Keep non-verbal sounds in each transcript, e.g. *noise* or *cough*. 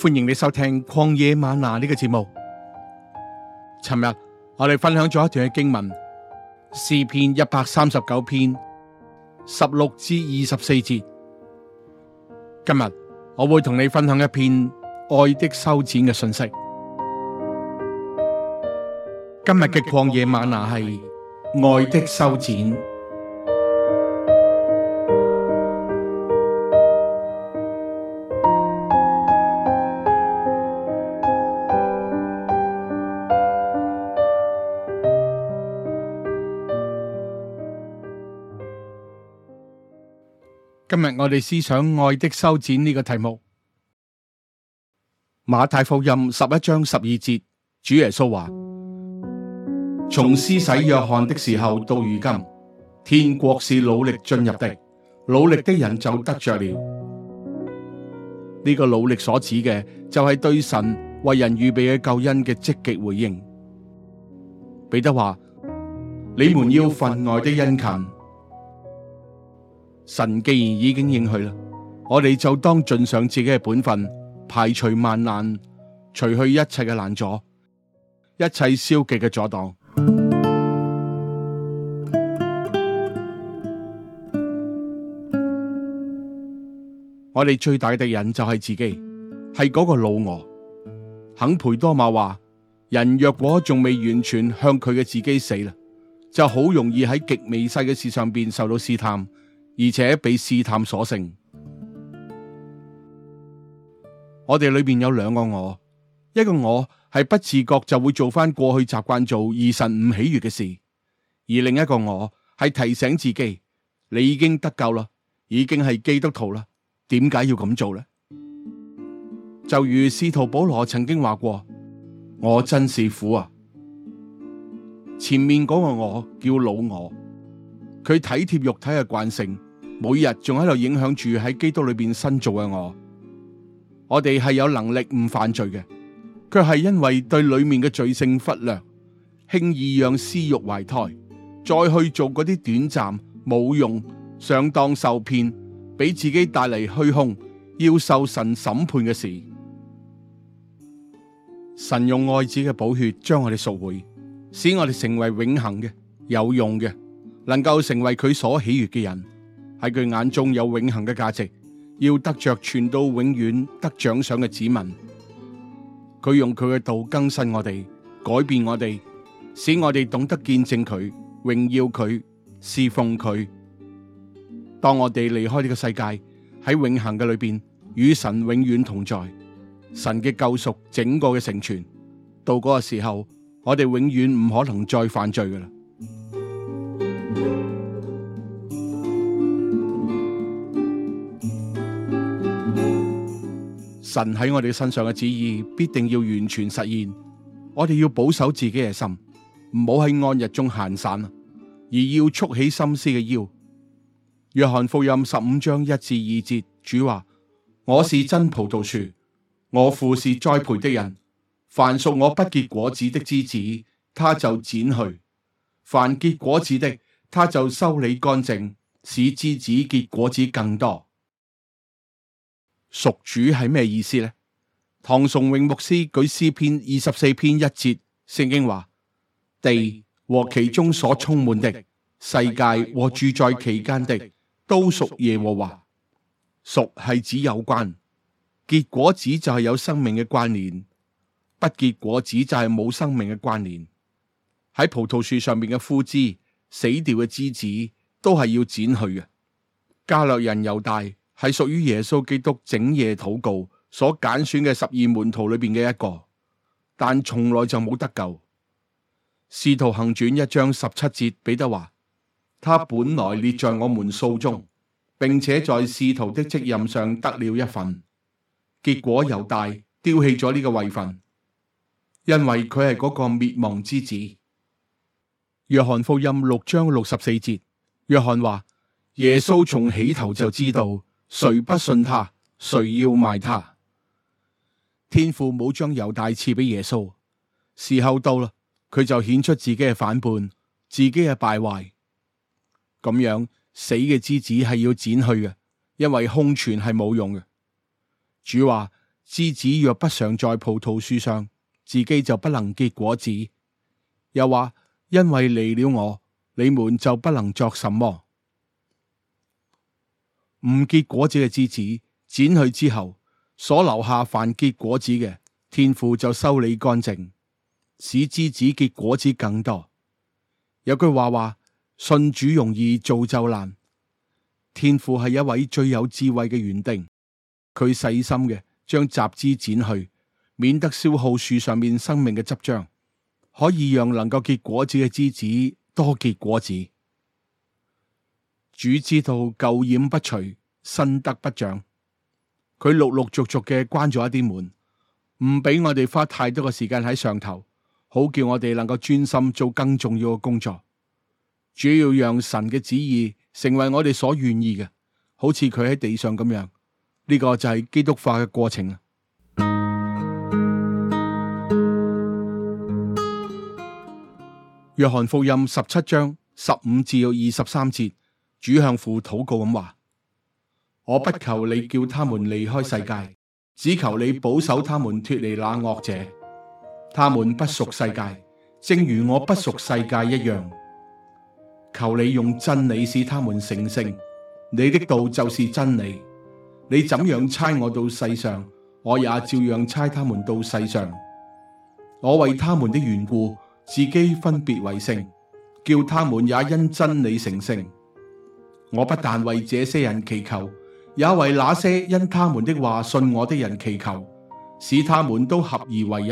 歡迎你收聽《曠野嗎哪》呢、這個節目。尋日我哋分享咗一段嘅經文，詩篇一百三十九篇十六至二十四節。今日我會同你分享一篇愛的修剪嘅信息。今日嘅曠野嗎哪係愛的修剪。今日我哋思想愛的修剪呢個題目。馬太福音十一章十二節，主耶穌話：從施洗約翰的時候到如今，天國是努力進入的，努力的人就得着了。呢、這個努力所指嘅就係、是、對神為人預備嘅救恩嘅積極回應。彼得話：你們要分外的殷勤。神既然已經應許啦，我哋就當盡上自己嘅本分，排除萬難，除去一切嘅難阻，一切消極嘅阻擋。 *music* 我哋最大嘅敵人就係自己，係嗰個老我。肯培多馬話：「人若果仲未完全向佢嘅自己死啦，就好容易喺極微細嘅事上邊受到試探。」而且被試探所勝我哋裏邊有兩個我，一個我係不自覺就會做翻過去習慣做二神唔喜悦嘅事，而另一個我係提醒自己，你已經得救啦，已經係基督徒啦，點解要咁做咧？就如使徒保羅曾經話過：我真是苦啊！前面嗰個我叫老我，佢體貼肉體嘅慣性。每日仲喺度影響住喺基督裏邊新造嘅我，我哋係有能力唔犯罪嘅，卻係因為對裏面嘅罪性忽略，輕易讓私欲懷胎，再去做嗰啲短暫、冇用、上當受騙，俾自己帶嚟虛空，要受神審判嘅事。神用愛子嘅寶血將我哋贖回，使我哋成為永恒嘅、有用嘅，能夠成為佢所喜悦嘅人。喺佢眼中有永恒嘅價值，要得着傳到永遠得獎賞嘅指紋。佢用佢嘅道更新我哋，改變我哋，使我哋懂得見證佢，榮耀佢，侍奉佢。當我哋離開呢個世界，喺永恆嘅裏邊與神永遠同在，神嘅救贖整個嘅成全，到嗰個時候，我哋永遠唔可能再犯罪噶啦。神喺我哋身上嘅旨意必定要完全實現，我哋要保守自己嘅心，唔好喺安逸中閒散，而要束起心思嘅腰。約翰福音十五章一至二節，主話：我是真葡萄樹，我父是栽培的人。凡屬我不結果子的枝子，他就剪去；凡結果子的，他就修理乾淨，使枝子結果子更多。屬主係咩意思咧？唐崇榮牧師舉詩篇二十四篇一節，聖經話：地和其中所充滿的，世界和住在其間的，都屬耶和華。屬係指有關，結果子就係有生命嘅關聯；不結果子就係冇生命嘅關聯。喺葡萄樹上面嘅枯枝、死掉嘅枝子，都係要剪去嘅。加略人猶大。係屬於耶穌基督整夜禱告所揀選嘅十二門徒裏邊嘅一個，但從來就冇得救。使徒行傳一章十七節，彼得話：他本來列在我們數中，並且在使徒的職任上得了一份。結果猶大丟棄咗呢個位份，因為佢係嗰個滅亡之子。約翰福音六章六十四節，約翰話：耶穌從起頭就知道，誰不信他，誰要賣他？天父冇將猶大賜俾耶穌，時候到了，佢就顯出自己嘅反叛，自己嘅敗壞。咁樣死嘅枝子係要剪去嘅，因為空傳係冇用嘅。主話：枝子若不常在葡萄樹上，自己就不能結果子。又話：因為離了我，你們就不能作什麼。唔結果子嘅枝子剪去之後，所留下凡結果子嘅天父就修理乾淨，使枝子結果子更多。有句話話：信主容易造就難。天父係一位最有智慧嘅園丁，佢細心嘅將雜枝剪去，免得消耗樹上面生命嘅汁漿，可以讓能夠結果子嘅枝子多結果子。主知道舊染不除，新德不長。佢陸陸續續嘅關咗一啲門，唔俾我哋花太多嘅時間喺上頭，好叫我哋能夠專心做更重要嘅工作。主要讓神嘅旨意成為我哋所願意嘅，好似佢喺地上咁樣。呢、這個就係基督化嘅過程。約翰福音十七章十五至二十三節。主向父禱告咁話：我不求你叫他們離開世界，只求你保守他們脫離那惡者。他們不屬世界，正如我不屬世界一樣。求你用真理使他們成聖。你的道就是真理。你怎樣差我到世上，我也照樣差他們到世上。我為他們的緣故，自己分別為聖，叫他們也因真理成聖。我不但為這些人祈求，也為那些因他們的話信我的人祈求，使他們都合而為一，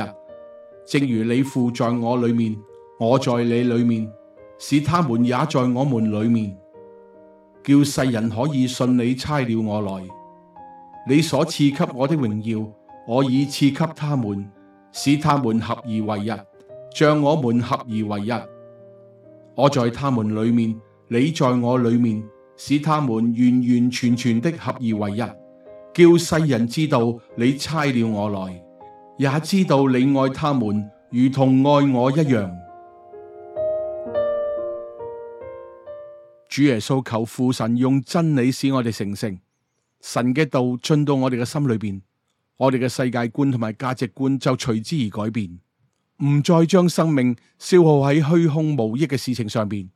正如你父在我裏面，我在你裏面，使他們也在我們裏面，叫世人可以信你差了我來。你所賜給我的榮耀，我已賜給他們，使他們合而為一，像我們合而為一。我在他們裏面，你在我裏面。使他們完完全全的合而為一，叫世人知道你差了我來，也知道你愛他們如同愛我一樣。主耶穌求父神用真理使我哋成聖，神嘅道進到我哋嘅心裏邊，我哋嘅世界觀同埋價值觀就隨之而改變，唔再將生命消耗喺虛空無益嘅事情上邊。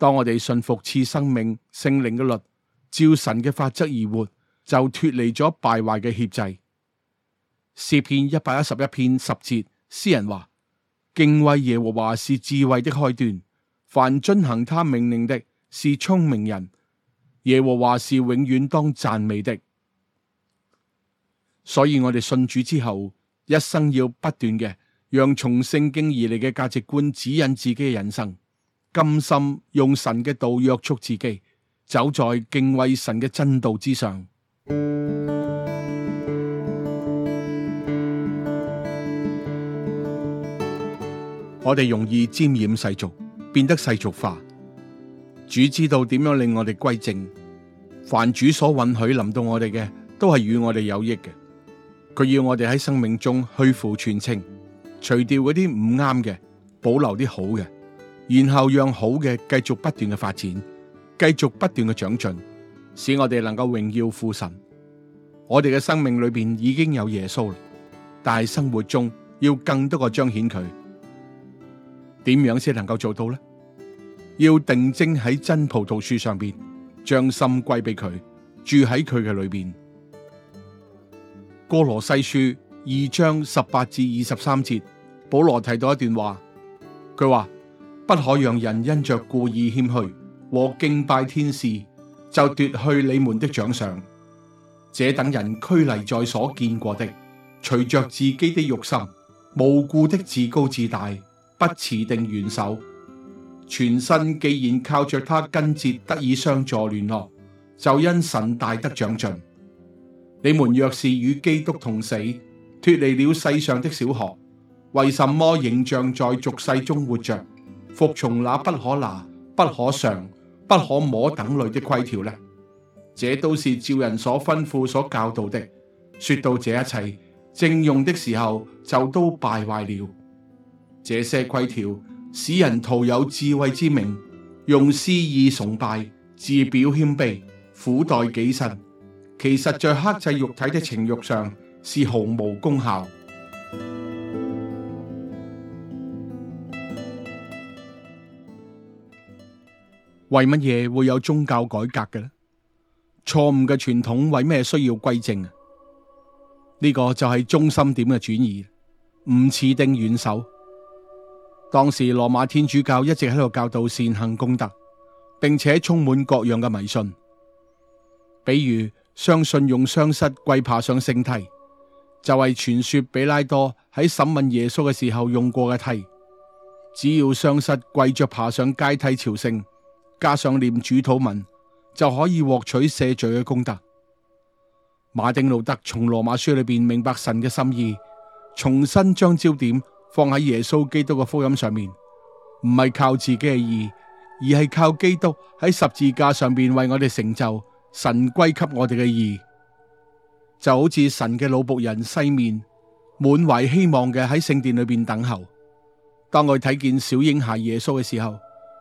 當我哋信服賜生命聖靈嘅律，照神嘅法則而活，就脫離咗敗壞嘅挾制。詩篇一百一十一篇十節，詩人話：敬畏耶和華是智慧的開端，凡遵行他命令的，是聰明人。耶和華是永遠當讚美的。所以我哋信主之後，一生要不斷嘅讓從聖經而嚟嘅價值觀指引自己嘅人生。甘心用神嘅道約束自己，走在敬畏神嘅真道之上。 *music* 我哋容易沾染世俗，變得世俗化。主知道點樣令我哋歸正，凡主所允許臨到我哋嘅，都係與我哋有益嘅。佢要我哋喺生命中去蕪存菁，除掉嗰啲唔啱嘅，保留啲好嘅。然後讓好嘅繼續不斷嘅發展，繼續不斷嘅長進，使我哋能夠榮耀父神。我哋嘅生命裏邊已經有耶穌了，但係生活中要更多嘅彰顯佢，點樣先能夠做到呢？要定睛喺真葡萄樹上邊，將心歸俾佢，住喺佢嘅裏邊。哥羅西書二章十八至二十三節，保羅提到一段話，佢話。不可讓人因着故意謙虛和敬拜天使就奪去你們的獎賞。這等人拘泥在所見過的，隨着自己的慾心，無故的自高自大，不持定元首。全身既然靠着他筋節得以相助聯絡，就因神大得長進。你們若是與基督同死，脫離了世上的小學，為什麼仍像在俗世中活着？服從那不可拿、不可嘗、不可摸等類的規條呢，這都是照人所吩咐、所教導的。說到這一切正用的時候，就都敗壞了。這些規條使人徒有智慧之名，用私意崇拜，自表謙卑，苦待己身，其實，在克制肉體的情欲上是毫無功效。為乜嘢會有宗教改革嘅咧？錯誤嘅傳統為咩需要歸正啊？呢個就係中心點嘅轉移，唔似定遠守。當時羅馬天主教一直喺度教導善行功德，並且充滿各樣嘅迷信，比如相信用雙膝跪爬上聖梯，就係傳說彼拉多喺審問耶穌嘅時候用過嘅梯，只要雙膝跪着爬上階梯朝聖。加上念主禱文就可以獲取赦罪嘅功德。馬丁路德從羅馬書裏邊明白神嘅心意，重新將焦點放喺耶穌基督嘅福音上面，唔係靠自己嘅義，而係靠基督喺十字架上面為我哋成就神歸給我哋嘅義，就好似神嘅老僕人西面，滿懷希望嘅喺聖殿裏邊等候，當我哋睇見小嬰孩耶穌嘅時候，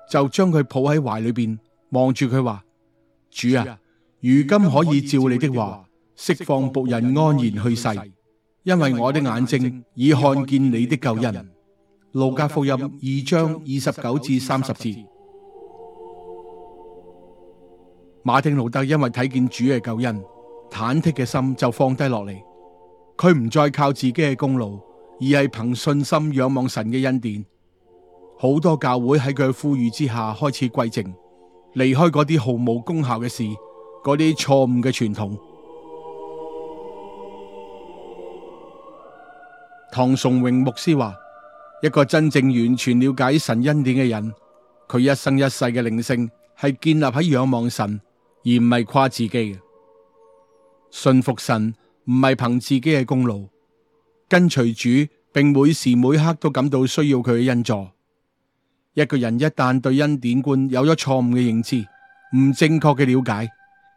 就將佢抱喺懷裏邊，望住佢話：主啊，如今可以照你的話釋放僕人安然去世，因為我的眼睛已看見你的救恩。路加福音二章二十九至三十節，馬丁路德因為睇見主嘅救恩，忐忑嘅心就放低落嚟，佢唔再靠自己嘅功勞，而係憑信心仰望神嘅恩典。好多教會喺佢呼籲之下開始歸正，離開嗰啲毫無功效嘅事，嗰啲錯誤嘅傳統。唐崇榮牧師話：一個真正完全了解神恩典嘅人，佢一生一世嘅靈性係建立喺仰望神，而唔係誇自己嘅。信服神唔係憑自己嘅功勞，跟隨主，並每時每刻都感到需要佢嘅恩助。一個人一旦對恩典觀有咗錯誤嘅認知，唔正確嘅了解，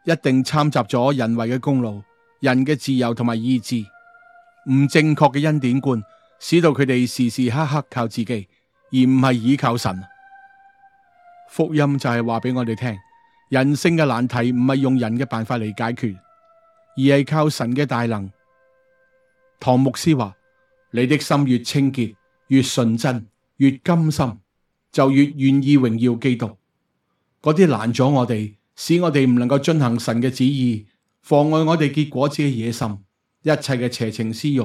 一定摻雜咗人為嘅功勞、人嘅自由同埋意志。唔正確嘅恩典觀，使到佢哋時時刻刻靠自己，而唔係倚靠神。福音就係話俾我哋聽，人性嘅難題唔係用人嘅辦法嚟解決，而係靠神嘅大能。唐牧師話：你的心越清潔，越純真，越甘心。就越願意榮耀基督。嗰啲攔阻我哋，使我哋唔能夠進行神嘅旨意，妨礙我哋結果子嘅野心，一切嘅邪情私欲，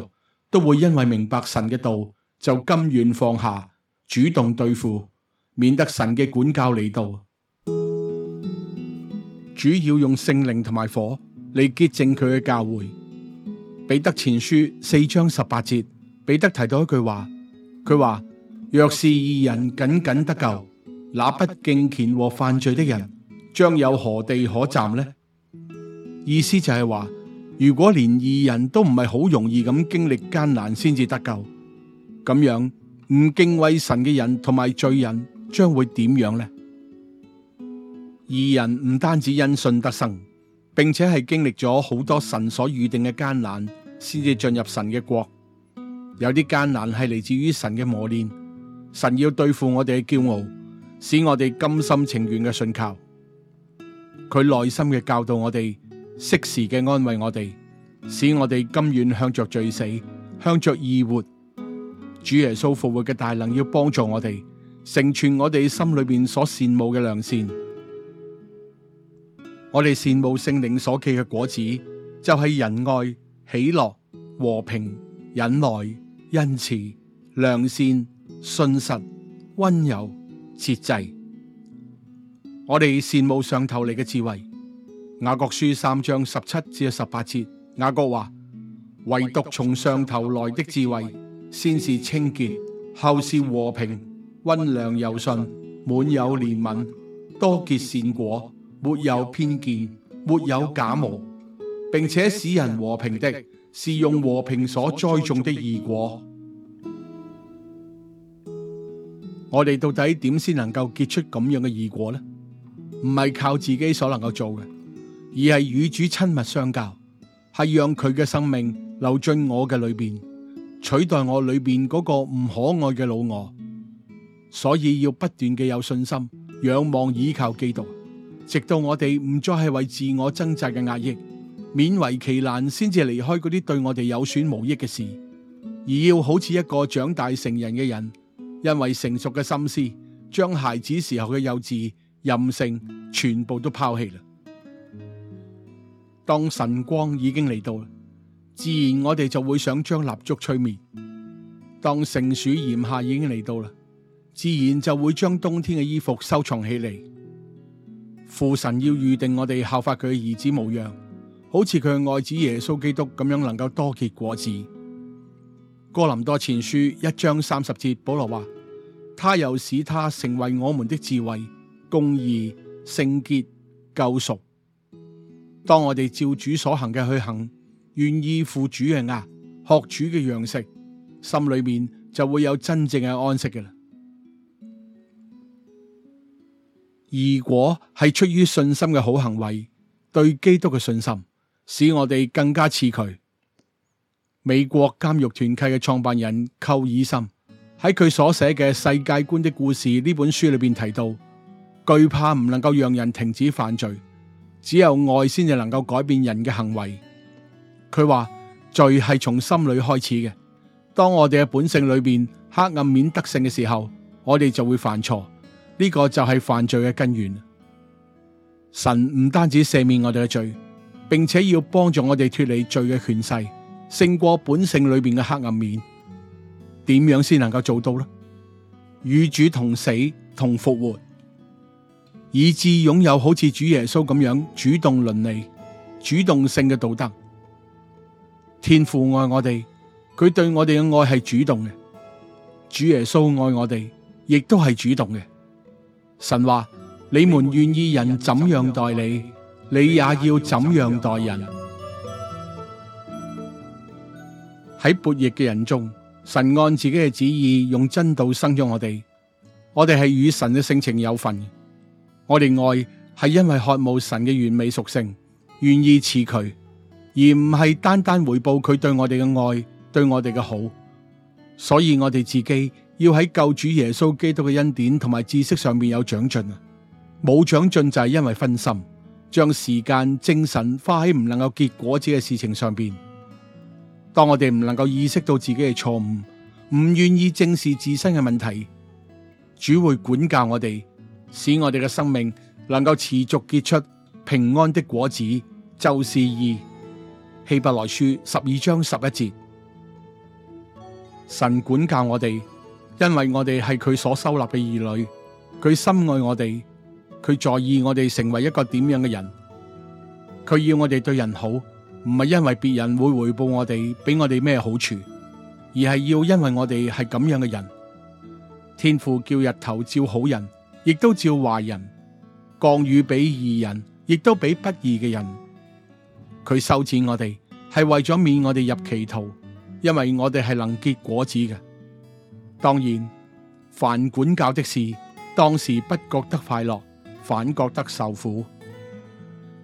都會因為明白神嘅道，就甘願放下，主動對付，免得神嘅管教嚟到。主要用聖靈同埋火嚟潔淨佢嘅教會。彼得前書四章十八節，彼得提到一句話，佢話。若是義人僅僅得救，那不敬虔和犯罪的人將有何地可站呢？意思就係話，如果連義人都唔係好容易咁經歷艱難先至得救，咁樣唔敬畏神嘅人同埋罪人將會點樣呢？義人唔單止因信得生，並且係經歷咗好多神所預定嘅艱難，先至進入神嘅國。有啲艱難係嚟自於神嘅磨練。神要對付我哋嘅驕傲，使我哋甘心情願嘅信靠佢內心嘅教導我，我哋適時嘅安慰我哋，使我哋甘願向着罪死，向着義活。主耶穌復活嘅大能要幫助我哋成全我哋心裏面所羨慕嘅良善。我哋羨慕聖靈所結嘅果子，就係、是、仁愛、喜樂、和平、忍耐、恩慈、良善。信實、溫柔、節制，我哋羨慕上頭嚟嘅智慧。雅各書三章十七至十八節，雅各話：唯獨從上頭來的智慧，先是清潔，後是和平，溫良柔順，滿有憐憫，多結善果，沒有偏見，沒有假冒，並且使人和平的，是用和平所栽種的義果。我哋到底點先能夠結出咁樣嘅義果呢？唔係靠自己所能夠做嘅，而係與主親密相交，係讓佢嘅生命流進我嘅裏邊，取代我裏邊嗰個唔可愛嘅老我。所以要不斷嘅有信心，仰望依靠基督，直到我哋唔再係為自我掙扎嘅壓抑，勉為其難先至離開嗰啲對我哋有損無益嘅事，而要好似一個長大成人嘅人。因為成熟嘅心思，將孩子時候嘅幼稚、任性，全部都拋棄啦。當晨光已經嚟到啦，自然我哋就會想將蠟燭吹滅；當盛暑炎夏已經嚟到啦，自然就會將冬天嘅衣服收藏起嚟。父神要預定我哋效法佢嘅兒子模樣，好似佢嘅愛子耶穌基督咁樣，能夠多結果子。哥林多前書一章三十節，保羅話。他又使他成為我們的智慧、公義、聖潔、救贖。當我哋照主所行嘅去行，願意負主嘅軛，學主嘅樣式，心裏面就會有真正嘅安息嘅啦。如果係出於信心嘅好行為，對基督嘅信心，使我哋更加似佢。美國監獄團契嘅創辦人寇爾森。喺佢所寫嘅《世界觀的故事》呢本書裏邊提到，懼怕唔能夠讓人停止犯罪，只有愛先至能夠改變人嘅行為。佢話罪係從心裏開始嘅，當我哋嘅本性裏邊黑暗面得勝嘅時候，我哋就會犯錯，呢個就係犯罪嘅根源。神唔單止赦免我哋嘅罪，並且要幫助我哋脱離罪嘅權勢，勝過本性裏邊嘅黑暗面。點樣先能夠做到呢？與主同死同復活，以致擁有好似主耶穌咁樣主動倫理、主動性嘅道德。天父愛我哋，佢對我哋嘅愛係主動嘅。主耶穌愛我哋，亦都係主動嘅。神話：你們願意人怎樣待你，你也要怎樣待人。喺悖逆嘅人中。神按自己嘅旨意用真道生咗我哋，我哋係與神嘅性情有份。我哋愛係因為渴慕神嘅完美屬性，願意賜佢，而唔係單單回報佢對我哋嘅愛，對我哋嘅好。所以我哋自己要喺救主耶穌基督嘅恩典同埋知識上面有長進啊！冇長進就係因為分心，將時間、精神花喺唔能夠結果子嘅事情上邊。當我哋唔能夠意識到自己嘅錯誤，唔願意正視自身嘅問題，主會管教我哋，使我哋嘅生命能夠持續結出平安的果子。就是二希伯來書十二章十一節，神管教我哋，因為我哋係佢所收納嘅兒女，佢深愛我哋，佢在意我哋成為一個點樣嘅人，佢要我哋對人好。唔係因為別人會回報我哋，俾我哋咩好處，而係要因為我哋係咁樣嘅人。天父叫日頭照好人，亦都照壞人；降雨俾義人，亦都俾不義嘅人。佢修剪我哋係為咗免我哋入歧途，因為我哋係能結果子嘅。當然，凡管教的事，當時不覺得快樂，反覺得受苦。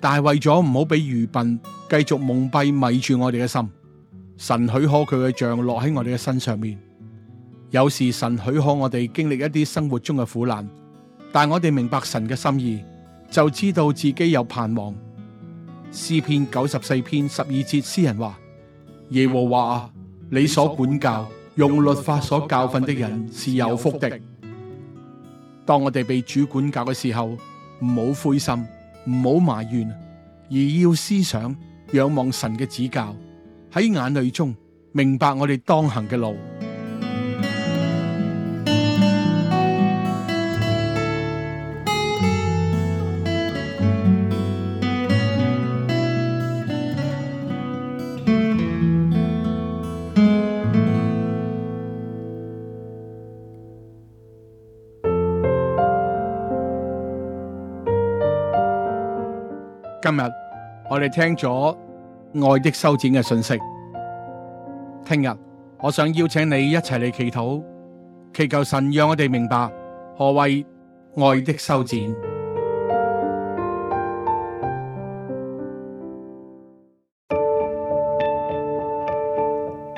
但係為咗唔好俾愚笨繼續蒙蔽迷住我哋嘅心，神許可佢嘅杖落喺我哋嘅身上面。有時神許可我哋經歷一啲生活中嘅苦難，但我哋明白神嘅心意，就知道自己有盼望。詩篇九十四篇十二節，詩人話：耶和華你所管教用律法所教訓的人是有福的。當我哋被主管教嘅時候，唔好灰心。唔好埋怨，而要思想仰望神嘅指教，喺眼淚中明白我哋當行嘅路。你聽咗愛的修剪嘅信息，聽日我想邀請你一齊嚟祈禱，祈求神讓我哋明白何謂愛的修剪。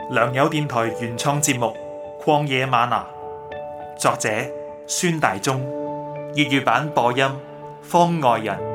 良友電台原創節目《曠野嗎哪》，作者孫大中，粵語版播音方外人。